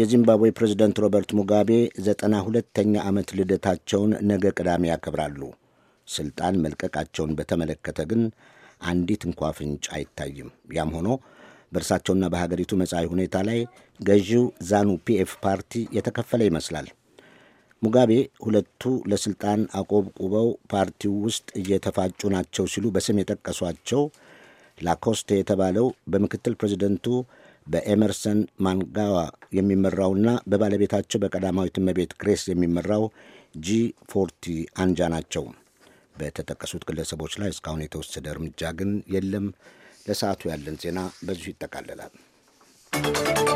የዚምባብዌ ፕሬዝደንት ሮበርት ሙጋቤ ዘጠና ሁለተኛ ዓመት ልደታቸውን ነገ ቅዳሜ ያከብራሉ። ስልጣን መልቀቃቸውን በተመለከተ ግን አንዲት እንኳ ፍንጭ አይታይም። ያም ሆኖ በእርሳቸውና በሀገሪቱ መጻኢ ሁኔታ ላይ ገዢው ዛኑ ፒኤፍ ፓርቲ የተከፈለ ይመስላል። ሙጋቤ ሁለቱ ለስልጣን አቆብቁበው ፓርቲው ውስጥ እየተፋጩ ናቸው ሲሉ በስም የጠቀሷቸው ላኮስቴ የተባለው በምክትል ፕሬዚደንቱ በኤመርሰን ማንጋዋ የሚመራውና በባለቤታቸው በቀዳማዊት እመቤት ግሬስ የሚመራው ጂ ፎርቲ አንጃ ናቸው። በተጠቀሱት ግለሰቦች ላይ እስካሁን የተወሰደ እርምጃ ግን የለም። ለሰዓቱ ያለን ዜና በዚሁ ይጠቃለላል።